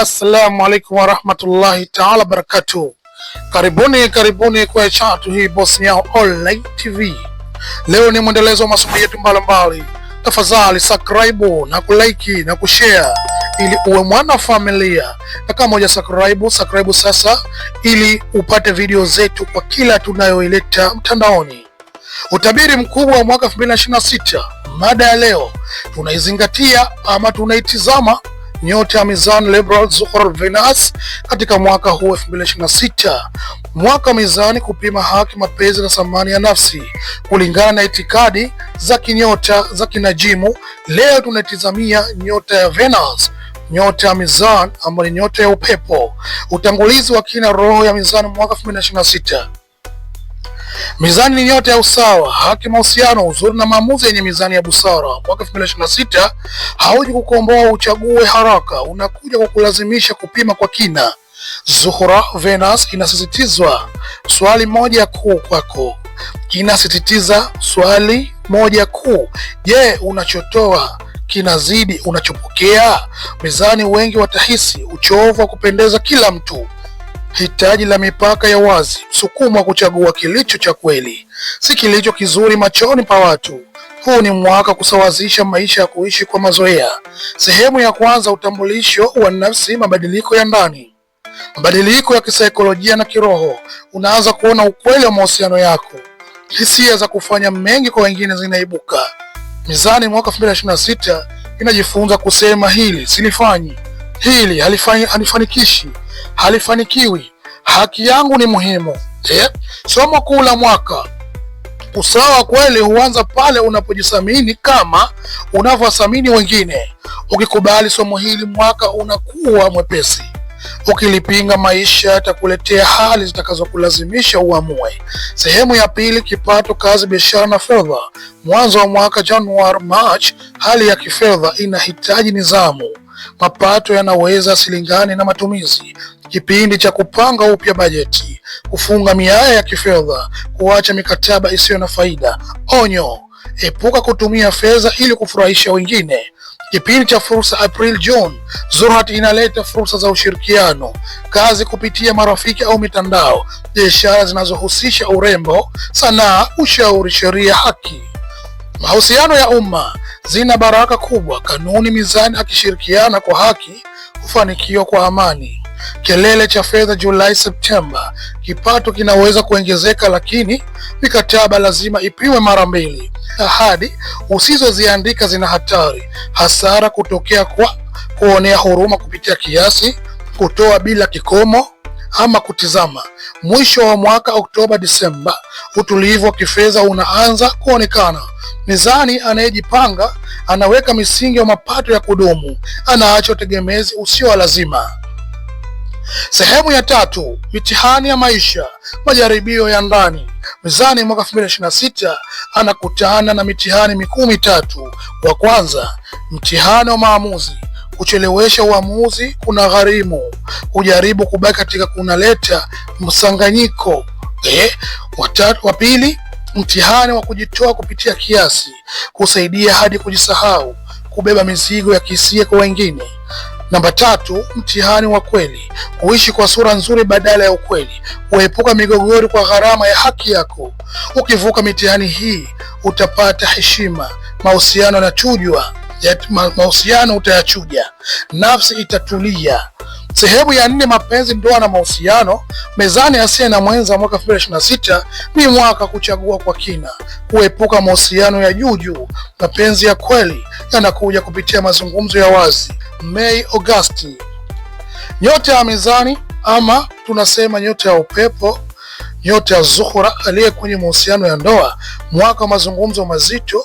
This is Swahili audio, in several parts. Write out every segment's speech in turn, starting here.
Assalamu alaikum warahmatullahi taala barakatuh. Karibuni, karibuni kwa chatu hii Boss Nyaw Online TV. Leo ni mwendelezo wa masomo yetu mbalimbali. Tafadhali subscribe na kulike na kushare ili uwe mwana familia, na kama uja subscribe, subscribe sasa ili upate video zetu kwa kila tunayoileta mtandaoni. Utabiri mkubwa wa mwaka 2026, mada ya leo tunaizingatia ama tunaitizama nyota ya mizani Libra Zuhur Venus katika mwaka huu 2026. Mwaka mizani kupima haki, mapenzi na thamani ya nafsi kulingana na itikadi za kinyota za kinajimu. Leo tunatizamia nyota ya Venus nyota ya mizani ambayo ni nyota ya upepo. Utangulizi wa kina, roho ya mizani mwaka 2026 Mizani ni nyota ya usawa, haki, mahusiano, uzuri na maamuzi yenye mizani ya busara. Mwaka 2026 hauji kukomboa uchague haraka, unakuja kukulazimisha kupima kwa kina. Zuhura Venus inasisitizwa swali moja kuu kwako, inasisitiza swali moja kuu. Je, unachotoa kinazidi unachopokea? Mizani wengi watahisi uchovu wa kupendeza kila mtu hitaji la mipaka ya wazi, msukuma wa kuchagua kilicho cha kweli, si kilicho kizuri machoni pa watu. Huu ni mwaka kusawazisha maisha ya kuishi kwa mazoea. Sehemu ya kwanza, utambulisho wa nafsi, mabadiliko ya ndani, mabadiliko ya kisaikolojia na kiroho. Unaanza kuona ukweli wa mahusiano yako. Hisia za kufanya mengi kwa wengine zinaibuka. Mizani mwaka 2026 inajifunza kusema hili silifanyi hili halifani, halifanikishi halifanikiwi, haki yangu ni muhimu yeah. Somo kuu la mwaka Usawa kweli huanza pale unapojithamini kama unavyowathamini wengine. Ukikubali somo hili, mwaka unakuwa mwepesi. Ukilipinga, maisha yatakuletea hali zitakazokulazimisha uamue. Sehemu ya pili: kipato, kazi, biashara na fedha. Mwanzo wa mwaka Januari, March, hali ya kifedha inahitaji nidhamu mapato yanaweza silingane na matumizi. Kipindi cha kupanga upya bajeti, kufunga miaya ya kifedha, kuacha mikataba isiyo na faida. Onyo: epuka kutumia fedha ili kufurahisha wengine. Kipindi cha fursa April June, zurhat inaleta fursa za ushirikiano, kazi kupitia marafiki au mitandao, biashara zinazohusisha urembo, sanaa, ushauri, sheria, haki. Mahusiano ya umma zina baraka kubwa. Kanuni mizani akishirikiana kwa haki hufanikiwa kwa amani. kelele cha fedha Julai Septemba, kipato kinaweza kuongezeka, lakini mikataba lazima ipimwe mara mbili. Ahadi usizoziandika zina hatari. Hasara kutokea kwa kuonea huruma kupitia kiasi, kutoa bila kikomo, ama kutizama. Mwisho wa mwaka Oktoba Disemba, utulivu wa kifedha unaanza kuonekana. Mizani anayejipanga anaweka misingi ya mapato ya kudumu, anaacha utegemezi usio wa lazima. Sehemu ya tatu: mitihani ya maisha, majaribio ya ndani. Mizani mwaka 2026 anakutana na mitihani mikuu mitatu. Wa kwanza, mtihani wa maamuzi Kuchelewesha uamuzi kuna gharimu, kujaribu kubaki katika kunaleta msanganyiko. Eh, watatu wa pili, mtihani wa kujitoa kupitia kiasi, kusaidia hadi kujisahau, kubeba mizigo ya kihisia kwa wengine. Namba tatu, mtihani wa kweli, kuishi kwa sura nzuri badala ya ukweli, kuepuka migogoro kwa gharama ya haki yako. Ukivuka mitihani hii utapata heshima, mahusiano yanachujwa mahusiano utayachuja, nafsi itatulia. Sehemu ya nne, mapenzi, ndoa na mahusiano. Mezani Asiye na Mwenza mwaka 2026 ni mwaka kuchagua kwa kina, kuepuka mahusiano ya juujuu. Mapenzi ya kweli yanakuja kupitia mazungumzo ya wazi. Mei Agosti, nyota ya mezani ama tunasema nyota ya upepo nyota ya Zuhura aliye kwenye mahusiano ya ndoa, mwaka wa mazungumzo mazito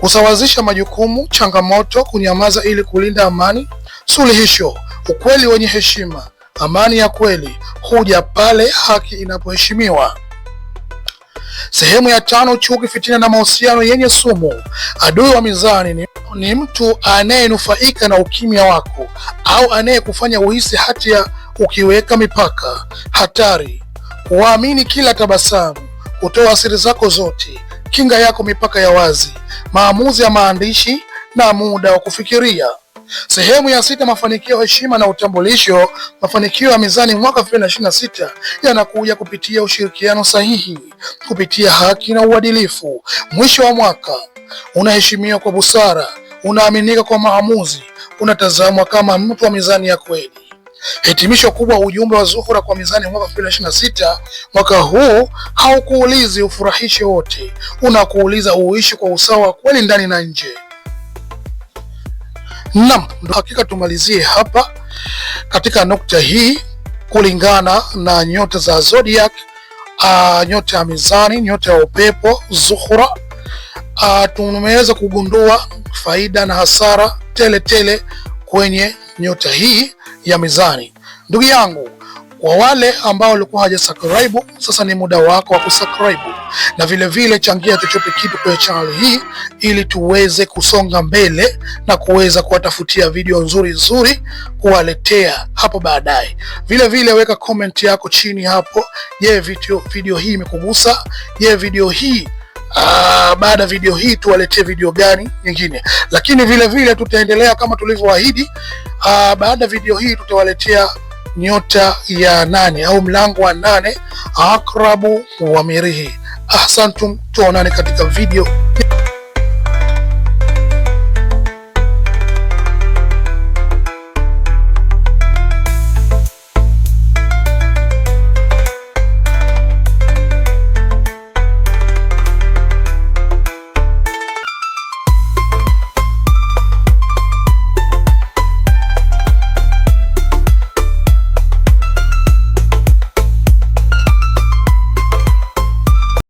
kusawazisha majukumu, changamoto, kunyamaza ili kulinda amani, suluhisho, ukweli wenye heshima. Amani ya kweli huja pale haki inapoheshimiwa. Sehemu ya tano: chuki, fitina na mahusiano yenye sumu. Adui wa mizani ni, ni mtu anayenufaika na ukimya wako au anayekufanya uhisi hatia ukiweka mipaka. Hatari: waamini kila tabasamu, kutoa siri zako zote kinga yako mipaka ya wazi, maamuzi ya maandishi na muda wa kufikiria. Sehemu ya sita, mafanikio, heshima na utambulisho. Mafanikio ya mizani mwaka 2026 yanakuja kupitia ushirikiano sahihi, kupitia haki na uadilifu. Mwisho wa mwaka unaheshimiwa kwa busara, unaaminika kwa maamuzi, unatazamwa kama mtu wa mizani ya kweli. Hitimisho kubwa ujumbe wa Zuhura kwa Mizani mwaka 2026 mwaka huu haukuulizi ufurahishe wote, unakuuliza uishi kwa usawa kweli ndani na nje. Naam, ndo hakika tumalizie hapa katika nukta hii, kulingana na nyota za zodiac, uh, nyota ya Mizani, nyota ya upepo Zuhura. tumeweza kugundua faida na hasara tele tele kwenye nyota hii ya mizani. Ndugu yangu, kwa wale ambao walikuwa hawajasubscribe, sasa ni muda wako wa kusubscribe na vile vile changia chochote kitu kwenye channel hii ili tuweze kusonga mbele na kuweza kuwatafutia video nzuri nzuri kuwaletea hapo baadaye. Vile vile weka comment yako chini hapo. Je, video, video hii imekugusa? Je, video hii Ah, baada ya video hii tuwaletee video gani nyingine, lakini vile vile tutaendelea kama tulivyoahidi. Ah, baada ya video hii tutawaletea nyota ya nane au mlango wa nane, akrabu wa mirihi. Ahsantum, tuonane katika video